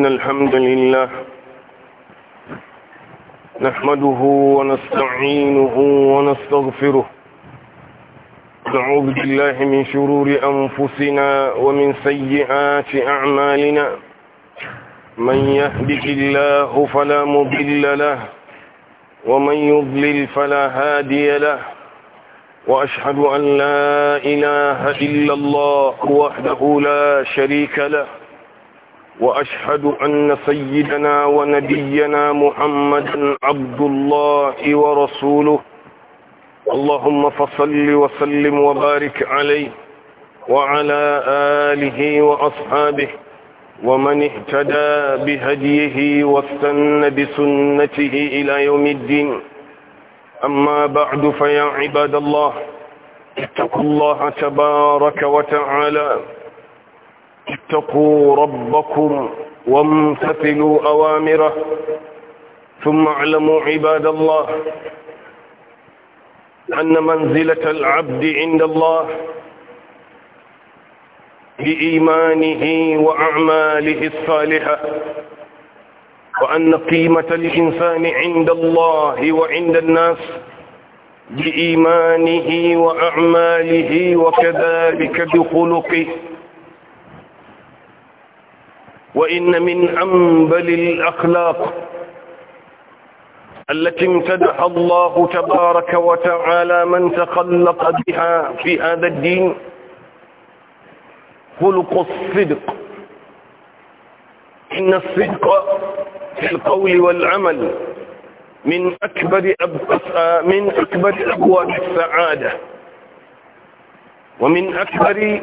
إن الحمد لله نحمده ونستعينه ونستغفره نعوذ بالله من شرور أنفسنا ومن سيئات أعمالنا من يهدك الله فلا مضل له ومن يضلل فلا هادي له وأشهد أن لا إله إلا الله وحده لا شريك له وأشهد أن سيدنا ونبينا محمدا عبد الله ورسوله اللهم فصل وسلم وبارك عليه وعلى آله وأصحابه ومن اهتدى بهديه واستنى بسنته إلى يوم الدين أما بعد فيا عباد الله اتقوا الله تبارك وتعالى واتقوا ربكم وامتثلوا أوامره ثم اعلموا عباد الله أن منزلة العبد عند الله بإيمانه وأعماله الصالحة وأن قيمة الإنسان عند الله وعند الناس بإيمانه وأعماله وكذلك بخلقه وإن من أنبل الأخلاق التي امتدح الله تبارك وتعالى من تخلق بها في هذا الدين خلق الصدق إن الصدق في القول والعمل من أكبر من أكبر أبواب السعادة ومن أكبر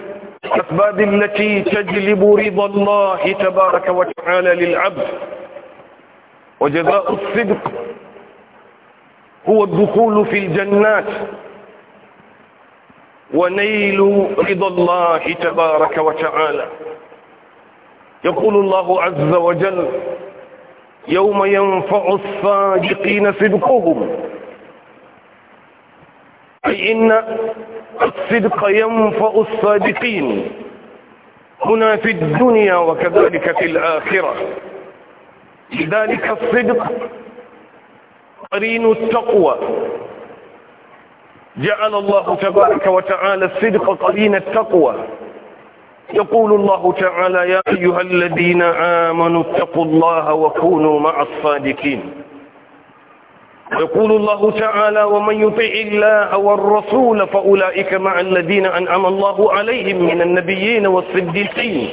الأسباب التي تجلب رضا الله تبارك وتعالى للعبد وجزاء الصدق هو الدخول في الجنات ونيل رضا الله تبارك وتعالى يقول الله عز وجل يوم ينفع الصادقين صدقهم أي إن الصدق ينفع الصادقين هنا في الدنيا وكذلك في الآخرة لذلك الصدق قرين التقوى جعل الله تبارك وتعالى الصدق قرين التقوى يقول الله تعالى يا أيها الذين آمنوا اتقوا الله وكونوا مع الصادقين يقول الله تعالى ومن يطع الله والرسول فأولئك مع الذين أنعم الله عليهم من النبيين والصديقين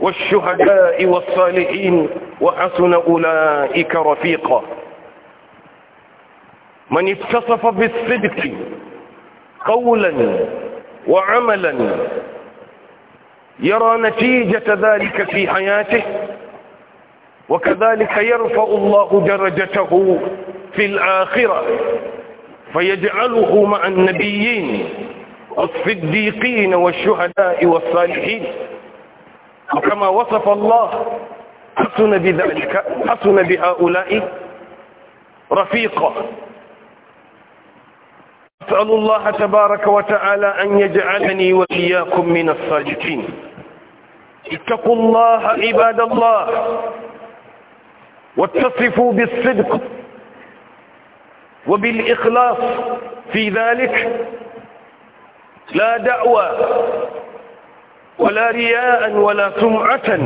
والشهداء والصالحين وحسن أولئك رفيقا من اتصف بالصدق قولا وعملا يرى نتيجة ذلك في حياته وكذلك يرفع الله درجته في الآخرة فيجعله مع النبيين والصديقين والشهداء والصالحين وكما وصف الله حسن بذلك حسن بهؤلاء رفيقا أسأل الله تبارك وتعالى أن يجعلني وإياكم من الصالحين اتقوا الله عباد الله واتصفوا بالصدق وبالإخلاص في ذلك لا دعوى ولا رياء ولا سمعة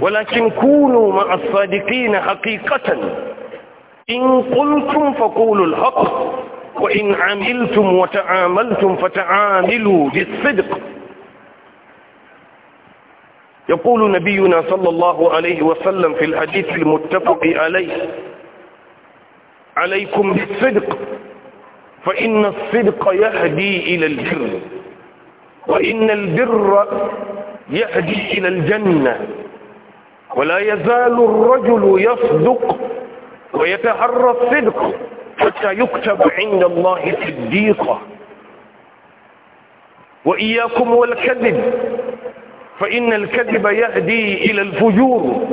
ولكن كونوا مع الصادقين حقيقة إن قلتم فقولوا الحق وإن عملتم وتعاملتم فتعاملوا بالصدق يقول نبينا صلى الله عليه وسلم في الحديث المتفق عليه عليكم بالصدق فإن الصدق يهدي إلى البر وإن البر يهدي إلى الجنة ولا يزال الرجل يصدق ويتحرى الصدق حتى يكتب عند الله صديقا وإياكم والكذب فإن الكذب يهدي إلى الفجور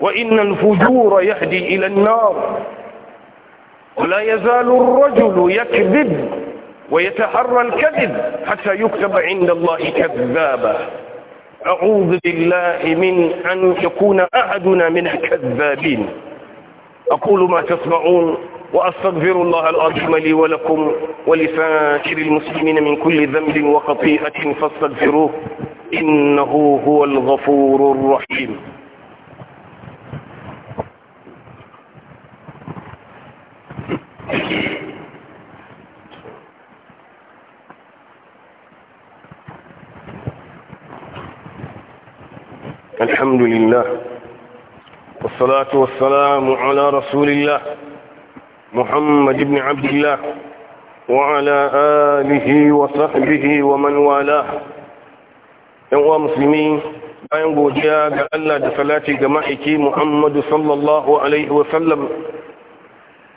وإن الفجور يهدي إلى النار ولا يزال الرجل يكذب ويتحرى الكذب حتى يكتب عند الله كذابا أعوذ بالله من أن يكون أحدنا من الكذابين أقول ما تسمعون وأستغفر الله العظيم لي ولكم ولسائر المسلمين من كل ذنب وخطيئة فاستغفروه إنه هو الغفور الرحيم الحمد لله والصلاة والسلام على رسول الله محمد بن عبد الله وعلى آله وصحبه ومن والاه yan uwa musulmi bayan godiya ga Allah da salati ga ma'aiki Muhammadu sallallahu alaihi wa sallam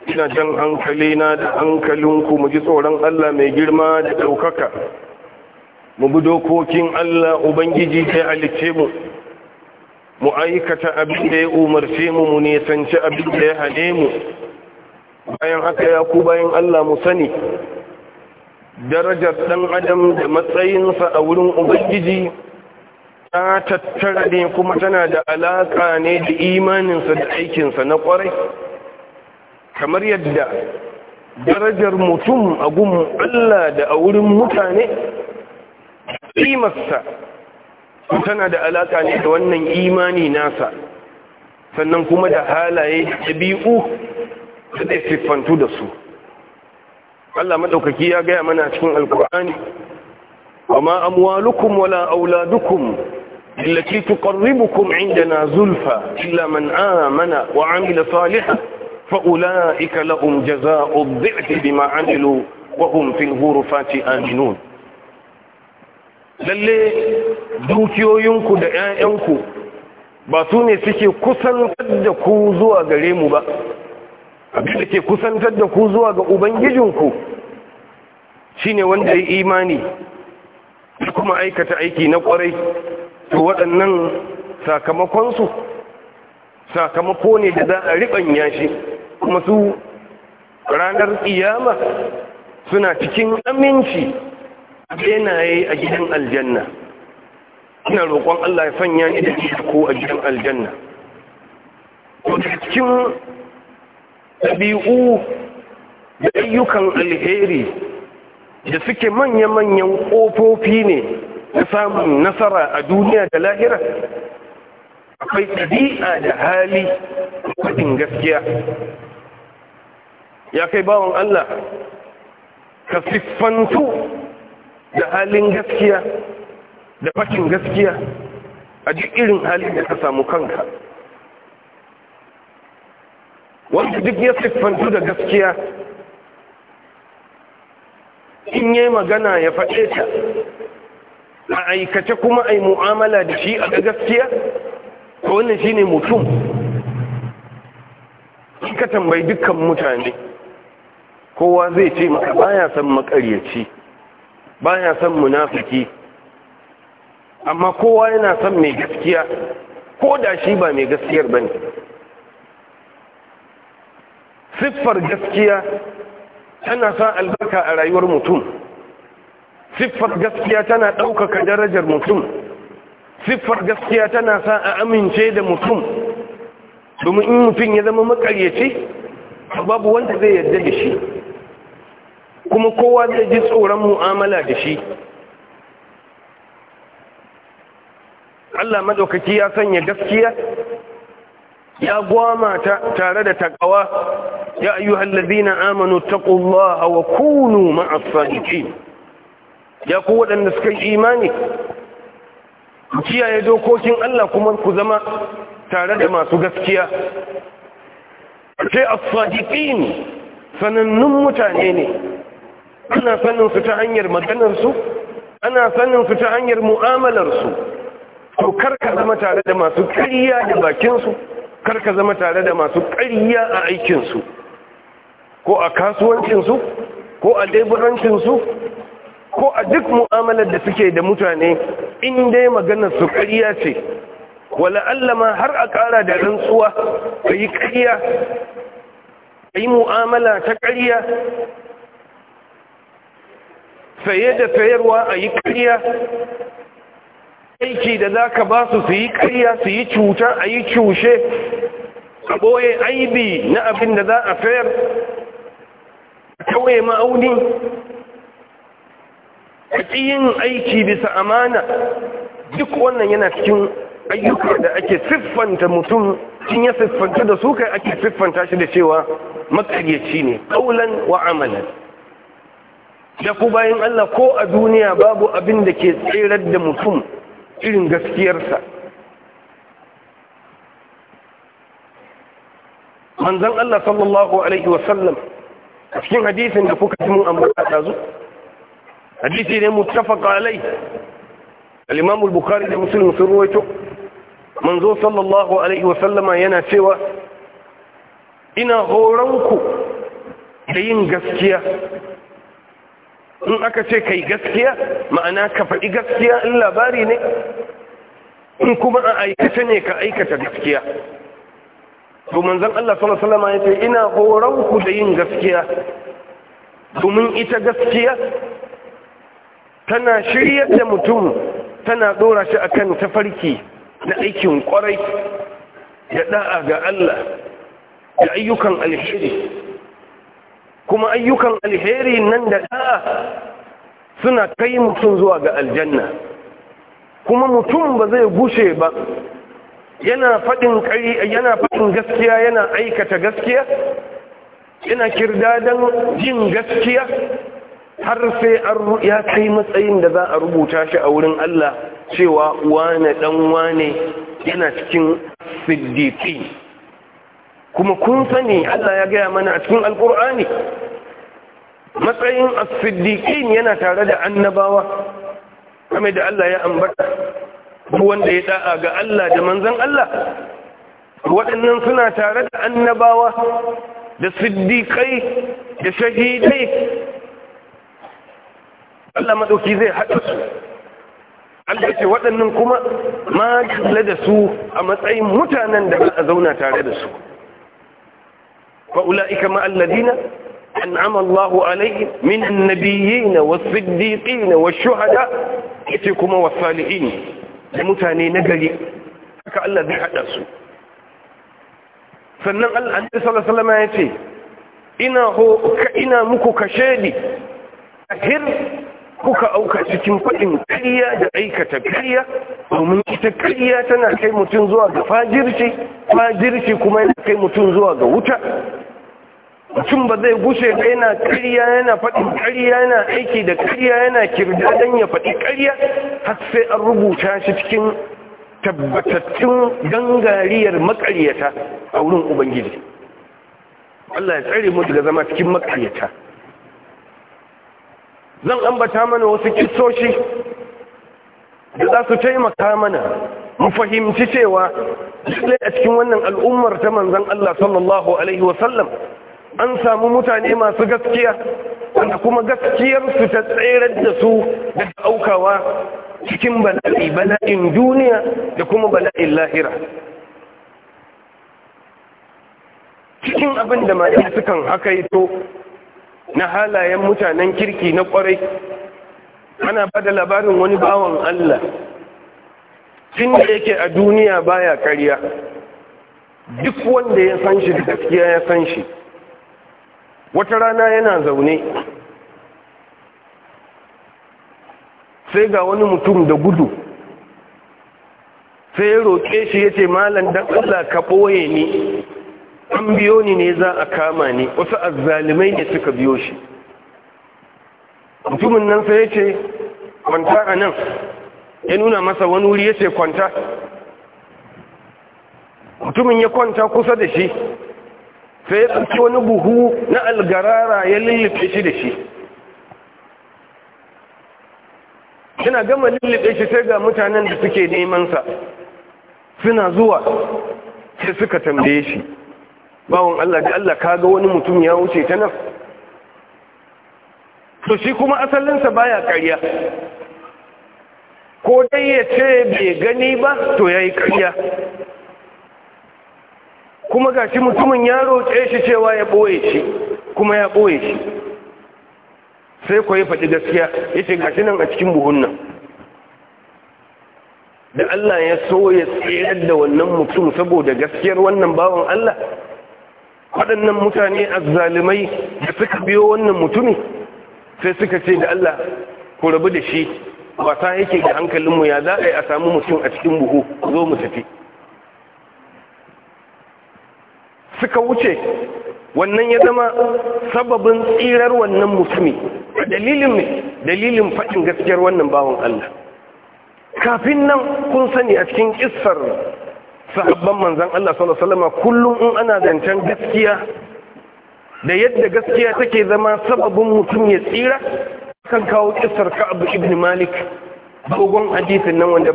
ina jan hankali na da hankalinku mu ji tsoron Allah mai girma da ɗaukaka mu bi dokokin Allah ubangiji ta alice mu mu aikata abin da ya umarce mu mu nisanci abin da ya hane mu bayan haka ya ku bayan Allah mu sani darajar ɗan adam da matsayinsa a wurin ubangiji ta tattara ne kuma tana da alaƙa ne da imaninsa da aikinsa na ƙwarai kamar yadda darajar mutum a gun Allah da a wurin mutane ƙimarsa tana da alaƙa ne da wannan imani nasa sannan kuma da halaye da ɗabi'u da siffantu da su Allah madaukaki ya gaya mana cikin alkur'ani amma amwalukum wala auladukum allati tuqarribukum indana zulfa illa man amana wa amila salihan fa ulaika lahum jazaa'u dhi'fi bima 'amilu wa hum fil ghurfati aminun lalle dukiyoyinku da 'ya'yanku ba su ne suke kusantar da ku zuwa gare mu ba abin da ke kusantar da ku zuwa ga ubangijinku shine wanda ya imani kuma aikata aiki na kwarai to waɗannan sakamakonsu sakamako ne da za a riɓanya shi kuma su ranar iyama, suna cikin aminci a benaye a gidan aljanna ina roƙon Allah ya sanya ni da ko a gidan aljanna to cikin ɗabi'u da ayyukan alheri da suke manya-manyan ƙofofi ne na samun nasara a duniya da lahira akwai ɗabi'a da hali faɗin gaskiya ya kai bawan Allah ka siffantu da halin gaskiya da fakin gaskiya a duk irin halin da ka samu kanka wanda duk ya siffantu da gaskiya in yi magana ya faɗe ta a aikace kuma a yi mu'amala da shi a gaskiya ko wannan shi ne mutum in ka tambayi dukkan mutane kowa zai ce maka baya san makaryaci baya son munafiki amma kowa yana san mai gaskiya ko da shi ba mai gaskiyar bane siffar gaskiya tana sa albarka a rayuwar mutum siffar gaskiya tana ɗaukaka darajar mutum siffar gaskiya tana sa a amince da mutum domin in mutum ya zama makaryaci babu wanda zai yarda da shi kuma kowa zai ji tsoron mu'amala da shi Allah maɗaukaki ya sanya gaskiya ya gwama ta tare da takawa يا أيها الذين آمنوا اتقوا الله وكونوا مع الصادقين يا قوة النسكي إيماني كيا يدو كوشن الله كمان كزما تارد ما تغسكيا sai as-sadiqin sanannun mutane ne ana sanin su ta hanyar maganarsu ana sanin su ta hanyar mu'amalarsu to karka zama tare da masu ƙarya da bakinsu ka zama tare da masu ƙarya a aikinsu ko a kasuwancinsu ko a leburancinsu ko a duk mu'amalar da suke da mutane in dai maganar su kariya ce wala allama har a ƙara da rantsuwa ka yi kariya, ka yi mu'amala ta kariya? saye da sayarwa a yi kariya? aiki da za ka ba su su yi kariya su yi cuta a yi cushe a ɓoye aibi na abin da za a fayar? kawai ma'auni a yin aiki bisa amana duk wannan yana cikin ayyuka da ake siffanta mutum in ya siffanta da su kai ake siffanta shi da cewa makaryaci ne ƙaulan wa amalan da ku bayan Allah ko a duniya babu abin da ke tsirar da mutum irin gaskiyarsa manzan Allah sallallahu alaihi wasallam a cikin hadisin da kuka mun ambata dazu hadisi ne muttafaqa alai al-imam da muslim sun ruwaito manzo sallallahu alaihi wa sallama yana cewa ina horonku da yin gaskiya in aka ce kai gaskiya ma'ana ka faɗi gaskiya in labari ne in kuma a aikata ne ka aikata gaskiya to manzon Allah sallallahu alaihi wasallam yace ina horon ku da yin gaskiya domin ita gaskiya tana shiryar da mutum tana dora shi a kan tafarki na aikin kwarai da da'a ga Allah da ayyukan alheri kuma ayyukan alheri nan da da'a suna kai mutum zuwa ga aljanna kuma mutum ba zai gushe ba yana faɗin yana faɗin gaskiya yana aikata gaskiya yana kirdadan jin gaskiya har sai an ya kai matsayin da za a rubuta shi a wurin Allah cewa wane dan wane yana cikin siddiqi kuma kun sani Allah ya gaya mana a cikin alkur'ani matsayin as-siddiqin yana tare da annabawa kamar da Allah ya ambata duk wanda ya da'a ga Allah da manzan Allah waɗannan suna tare da annabawa da siddiƙai da shahidai Allah maɗauki zai haɗa su Allah ce waɗannan kuma ma kalla da su a matsayin mutanen da a zauna tare da su fa'ula'ika ma'alladina an'ama Allahu alaihi min annabiyina was siddiqina wash shuhada ita kuma was salihin da mutane na gari haka Allah zai haɗa su sannan Allah sallallahu alaihi ce ina ho ina muku kashedi ahir kuka auka cikin faɗin kariya da aikata kariya domin ita kariya tana kai mutum zuwa ga fajirci fajirci kuma yana kai mutum zuwa ga wuta mutum ba zai gushe ba yana kariya yana faɗin kariya yana aiki da kariya yana kirda don ya faɗi kariya. har sai an rubuta shi cikin tabbatattun gangariyar maƙaryata a wurin ubangiji Allah ya tsare mu daga zama cikin maƙaryata zan ambata mana wasu kisoshi da za su taimaka mana mu fahimci cewa lallai a cikin wannan al'ummar ta manzan Allah sallallahu alaihi wasallam an samu mutane masu gaskiya wanda kuma gaskiyarsu ta tsirar da su da aukawa cikin bala'i bala'in duniya da kuma bala'in lahira cikin abin da ma'a sukan to na halayen mutanen kirki na kwarai ana ba da labarin wani bawan Allah tun da yake a duniya baya karya duk wanda ya san shi da gaskiya ya san shi wata rana yana zaune sai ga wani mutum da gudu sai ya roƙe shi ya ce malam don allah ka ɓoye ni an biyo ni ne za a kama ni wasu azzalimai ne suka biyo shi mutumin nan sai ya ce kwanta a nan ya nuna masa wani wuri ya ce kwanta mutumin ya kwanta kusa da shi sai ya ɗauki wani buhu na algarara ya lullufe shi da shi yana gama lullufe shi sai ga mutanen da suke nemansa suna zuwa sai suka tambaye shi bawon Allah da Allah kaga wani mutum ya wuce ta nan to shi kuma asalinsa baya ƙarya ko dai ya ce bai gani ba to ya yi ƙarya kuma ga shi mutumin ya roƙe shi cewa ya ɓoye shi kuma ya ɓoye shi sai ku yi faɗi gaskiya ya ce gashi nan a cikin buhun nan da Allah ya so ya tsirar da wannan mutum saboda gaskiyar wannan bawan Allah waɗannan mutane zalimai da suka biyo wannan mutumi sai suka ce da Allah ku rabu da shi wasa yake da hankalinmu ya za a yi a samu mutum a cikin buhu zo mu tafi suka wuce wannan ya zama sababin tsirar wannan musulmi dalilin ne dalilin faɗin gaskiyar wannan bawan Allah kafin nan kun sani a cikin kissar sahabban manzan Allah salama kullum in ana zancen gaskiya da yadda gaskiya take zama sababin mutum ya tsira kan kawo kissar Abu ibn Malik dogon hadisin nan wanda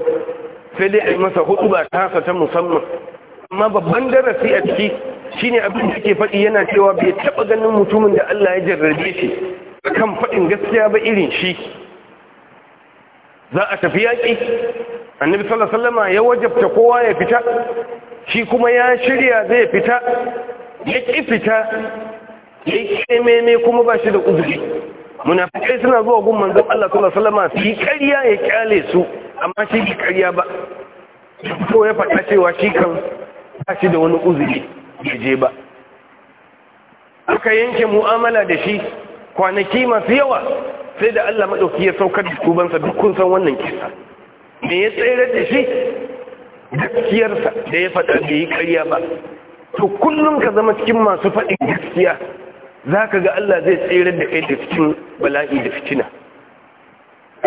sai dai a yi masa hudu ba tasa ta musamman amma babban darasi a ciki shi ne abin da yake faɗi yana cewa bai taɓa ganin mutumin da Allah ya jarrabe shi kan faɗin gaskiya ba irin shi za a tafi yaƙi annabi sallallahu ya wajabta kowa ya fita shi kuma ya shirya zai fita ya ƙi fita ya yi meme kuma ba shi da uzuri munafikai suna zuwa gun manzan Allah sallallahu su yi ƙarya ya ƙyale su amma shi bi ƙarya ba ko ya faɗa cewa shi kan ba shi da wani uzuri bai ba aka yanke mu'amala da shi kwanaki masu yawa sai da Allah maɗauki ya saukar da tubansa duk san wannan kisa me ya tsere da shi gaskiyarsa da ya faɗa da yi karya ba to kullum ka zama cikin masu faɗin gaskiya za ka ga Allah zai tsere da kai da cikin bala'i da fitina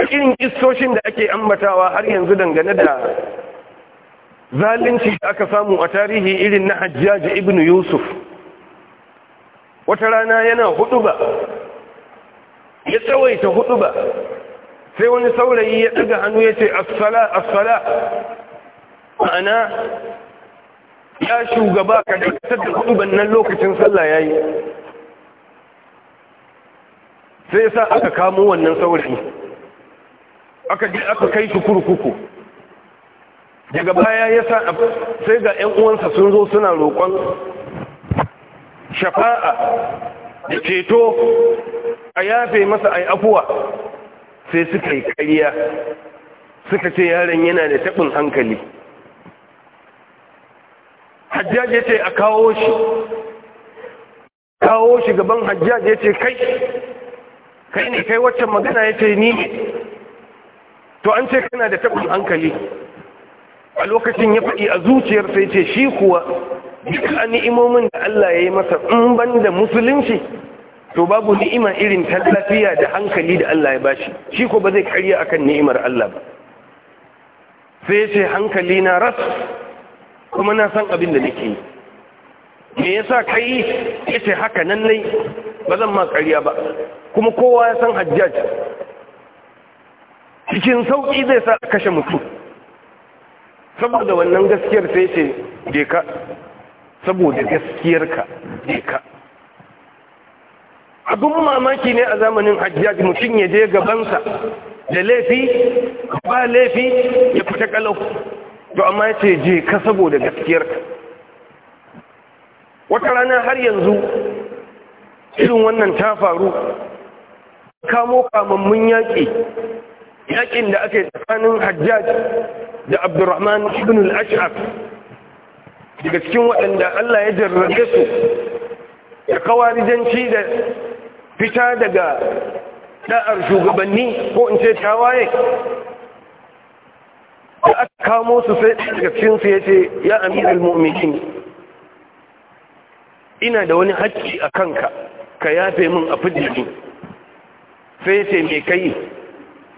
irin kistoshin da ake ambatawa har yanzu dangane da zalunci da aka samu a tarihi irin na hajjaji ibn yusuf wata rana yana ba ya tsawaita ba sai wani saurayi ya daga hannu ya ce assala assala ma'ana ya shugaba ka dakatar da huduban nan lokacin sallah yi. sai ya sa aka kamo wannan saurayi aka kai shi kurkuku daga baya ya sa sai ga 'yan uwansa sun zo suna roƙon shafa'a da ceto a yafe masa ai afuwa sai suka yi kariya. suka ce yaron yana da taɓin hankali hajjaj ya ce a kawo shi kawo shi gaban hajjaj ya ce kai kai ne kai waccan magana ya ce ni to an ce kana da taɓin hankali a lokacin ya faɗi a zuciyar sai ce shi kuwa duk a ni'imomin da Allah ya yi masa in ban da musulunci to babu ni'ima irin ta da hankali da Allah ya bashi shi ko ba zai karya akan ni'imar Allah ba sai ya ce hankali na ras kuma na san abin da nake yi me yasa kai ya ce haka nan nai ba zan ma karya ba kuma kowa ya san hajjaj cikin sauƙi zai sa kashe mutum saboda wannan gaskiyar sai ce je saboda gaskiyarka je ka abin mamaki ne a zamanin hajjiyar mutum ya je gabansa da laifi ba laifi ya fita kalau to amma ya ce je ka saboda gaskiyarka wata rana har yanzu irin wannan ta faru kamo kamammun yaƙi yakin da aka yi tsakanin hajjaj da abdurrahman ibn al-ash'ab daga cikin waɗanda Allah ya jarrabe su da kawarijanci da fita daga da'ar shugabanni ko in ce tawaye da aka kamo su sai daga cikinsu ya ce ya amiral mu'minin ina da wani hakki a kanka ka yafe min a fidda sai ya ce mai kai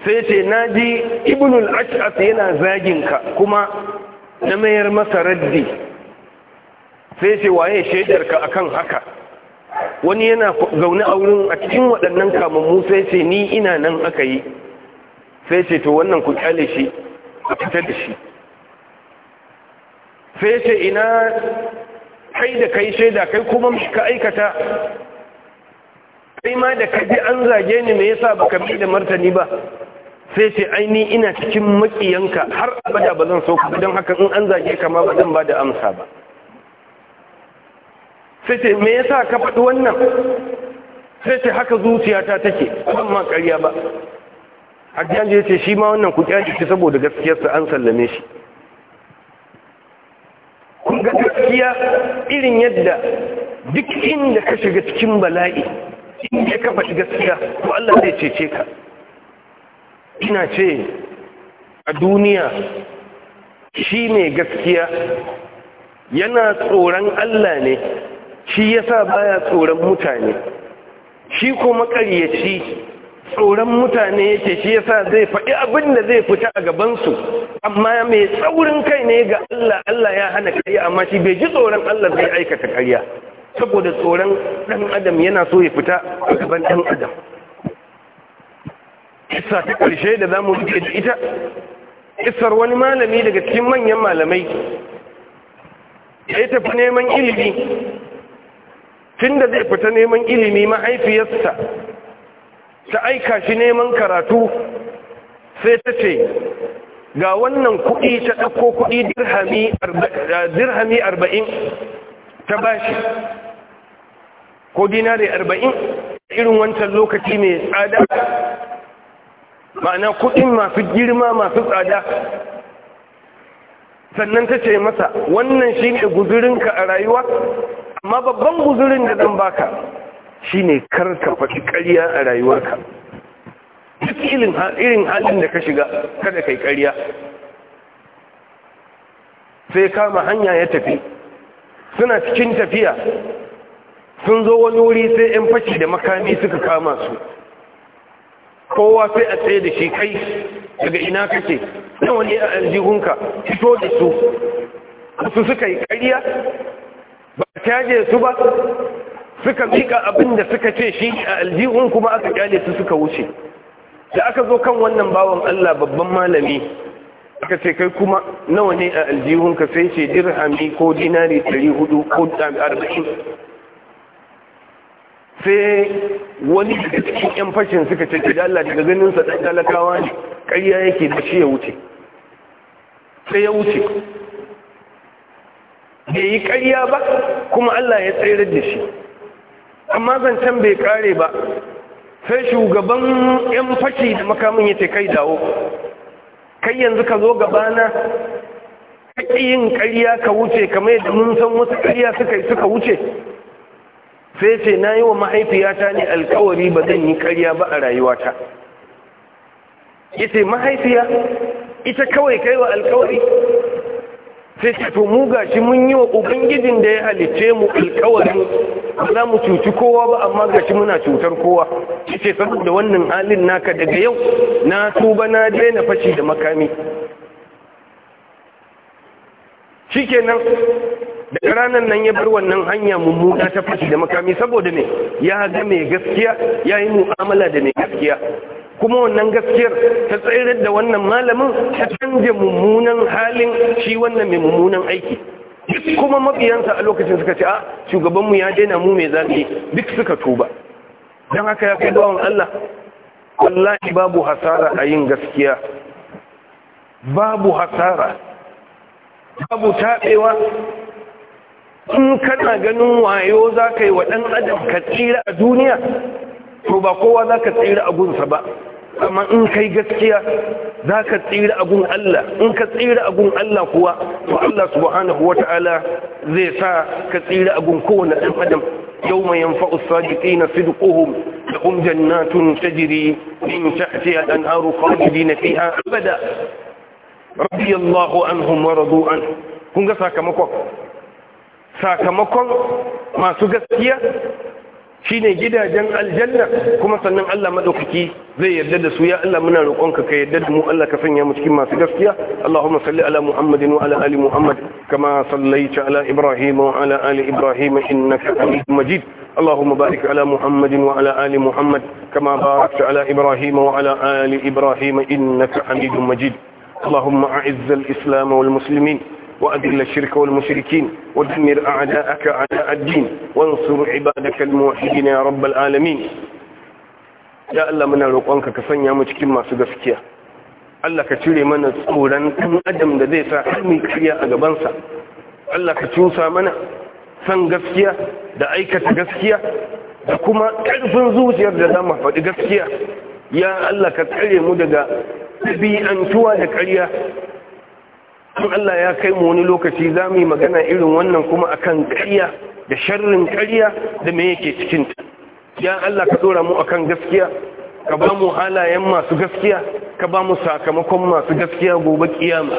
sai ce na ji ibnul ash'as yana zagin ka kuma na mayar masa raddi sai ce waye shaidar ka akan haka wani yana zaune a wurin a cikin waɗannan kamammu sai ce ni ina nan aka yi sai ce to wannan ku kyale shi a fita da shi sai ce ina kai da kai shaida kai kuma ka aikata kai ma da kaji an zage ni me yasa baka bi da martani ba sai ce aini ina cikin makiyanka har abada ba zan so ka don haka in an zage ka ba zan ba da amsa ba sai ce me yasa ka faɗi wannan sai ce haka zuciyata take ban ma ƙarya ba da ya ce shi ma wannan ku kyale shi saboda gaskiyarsa an sallame shi kun ga gaskiya irin yadda duk inda ka shiga cikin bala'i in ka faɗi gaskiya to Allah zai cece ka ina ce a duniya shi ne gaskiya yana tsoron Allah ne shi ya yasa baya tsoron mutane shi kuma ƙaryaci tsoron mutane yake shi ya sa zai faɗi abin da zai fita a gabansu amma mai tsaurin kai ne ga Allah Allah ya hana ƙarya amma shi bai ji tsoron Allah zai aikata karya saboda tsoron ɗan adam yana so ya fita a gaban ɗan adam kisa ta ƙarshe da za mu rike da ita kisar wani malami daga cikin manyan malamai da ya tafi neman ilimi tun da zai fita neman ilimi mahaifiyarsa ta aika shi neman karatu sai ta ce ga wannan kuɗi ta ɗauko kuɗi dirhami arba'in ta bashi ko dinari arba'in irin wancan lokaci mai tsada ma'ana kuɗin masu girma masu tsada sannan ta ce masa wannan shi ne guzurinka a rayuwa amma babban guzurin da zan baka shi ne karka faɗi ƙarya a rayuwarka duk irin halin da ka shiga kada kai ƙarya sai kama hanya ya tafi suna cikin tafiya sun zo wani wuri sai 'yan fashi da makami suka kama su kowa sai a tsaye da shi kai daga ina kake nawa ne a aljihunka fito da su su suka yi kariya ba caje su ba suka mika abin da suka ce shi a aljihun kuma aka kyale su suka wuce da aka zo kan wannan bawan Allah babban malami aka ce kai kuma nawa ne a aljihunka sai ce dirhami ko dinari 400 ko sai wani daga cikin yan fashin suka ce da daga ganin sa dan talakawa ne ƙarya yake da shi ya wuce sai ya wuce bai yi ƙarya ba kuma Allah ya tsere da shi amma zancen bai kare ba sai shugaban yan fashi da makamin ya ce kai dawo kai yanzu ka zo gabana yin ƙarya ka wuce kamar yadda mun san wasu ƙarya suka yi suka wuce sai ce na yi wa mahaifiyata ne alkawari ba zan yi karya ba a rayuwata ita mahaifiya ita kawai kai wa alkawari sai to mu gashi mun yi wa ubangijin da ya halice mu alkawari ba za mu cuci kowa ba amma gashi muna cutar kowa ce saboda wannan halin naka daga yau na tuba na daina fashi da makami Shi shikenan Da ranar nan ya bar wannan hanya mummuna ta fashi da makami saboda me ya ga mai gaskiya ya yi mu'amala da mai gaskiya kuma wannan gaskiyar ta tsayar da wannan malamin ta canja mummunan halin shi wannan mai mummunan aiki kuma mabiyansa a lokacin suka ce a ah, shugabanmu ya daina mu mai zafi duk suka tuba don haka ya kai bawan Allah wallahi babu hasara a yin gaskiya babu hasara babu taɓewa in kana ganin wayo za ka yi wa ɗan adam ka tsira a duniya to ba kowa za ka tsira a gunsa ba amma in kai gaskiya za ka tsira a gun Allah in ka tsira a gun Allah kuwa to Allah subhanahu ta'ala zai sa ka tsira a gun kowane ɗan adam يوم ينفع الصادقين صدقهم لهم جنات تجري من تحتها الأنهار خالدين فيها أبدا رضي الله عنهم ورضوا kun ga sakamakon. sakamakon masu gaskiya shine gidajen aljanna kuma sannan Allah madaukaki zai yarda da su ya Allah muna roƙonka ka yarda da mu Allah ka sanya mu cikin masu gaskiya Allahumma salli ala Muhammadin wa ala ali Muhammad kama sallaita ala Ibrahim wa ala ali Ibrahim innaka Hamidum Majid اللهم بارك على محمد وعلى آل ala كما wa ala ali وعلى آل إبراهيم إنك حميد مجيد اللهم أعز الإسلام والمسلمين وأذل الشرك والمشركين ودمر أعداءك أعداء الدين وانصر عبادك الموحدين يا رب العالمين ya Allah muna roƙonka ka sanya mu cikin masu gaskiya Allah ka cire mana tsoron ɗan adam da zai sa halmi kariya a gabansa Allah ka cusa mana san gaskiya da aikata gaskiya da kuma karfin zuciyar da za mu faɗi gaskiya ya Allah ka tsare mu daga ɗabi'antuwa da ƙarya kuma Allah ya kai mu wani lokaci za mu yi magana irin wannan kuma akan ƙarya da sharrin ƙarya da me yake cikinta ya Allah ka dora mu akan gaskiya ka ba mu halayen masu gaskiya ka ba mu sakamakon masu gaskiya gobe kiyama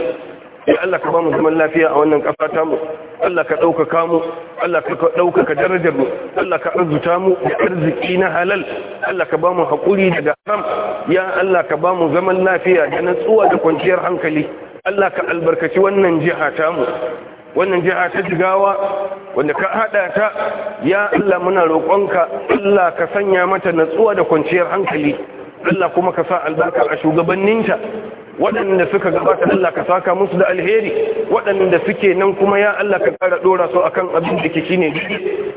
ya Allah ka ba mu zaman lafiya a wannan ƙasa ta mu Allah ka ɗaukaka mu Allah ka ɗaukaka darajar mu Allah ka arzuta mu da arziki na halal Allah ka ba mu haƙuri daga haram ya Allah ka ba mu zaman lafiya da natsuwa da kwanciyar hankali Allah ka albarkaci wannan jiha tamu wannan jiha ta jigawa wanda ka hada ta ya Allah muna roƙonka Allah ka sanya mata natsuwa da kwanciyar hankali Allah kuma ka sa albarka a shugabanninta waɗanda suka gabata Allah ka saka musu da alheri waɗanda suke nan kuma ya Allah ka ƙara ɗora su akan abin da ne.' shine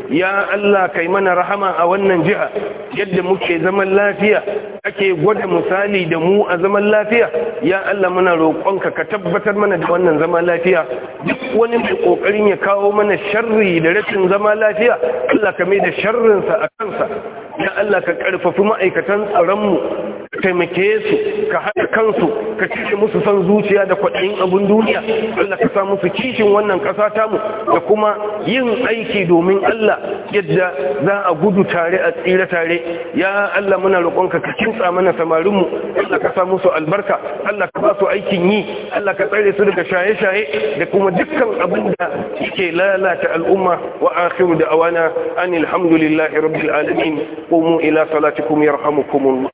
ya Allah kai mana rahama a wannan jiha yadda muke zaman lafiya ake gwada misali da mu a zaman lafiya ya Allah muna roƙonka ka tabbatar mana da wannan zaman lafiya duk wani mai kokarin ya kawo mana sharri da rashin zama lafiya Allah ka mai da sharrinsa a kansa ya Allah ka ƙarfafi ma'aikatan tsaronmu taimake su ka haɗa kansu ka cike musu son zuciya da kwaɗayin abin duniya Allah ka sa musu kishin wannan ƙasa tamu da kuma yin aiki domin Allah yadda za a gudu tare a tsira tare ya Allah muna roƙonka ka kintsa mana samarinmu Allah ka sa musu albarka Allah ka ba su aikin yi Allah ka tsare su daga shaye-shaye da kuma dukkan abin da yake lalata al'umma wa akhiru da awana anil hamdulillahi rabbil alamin qumu ila salatikum yarhamukumullah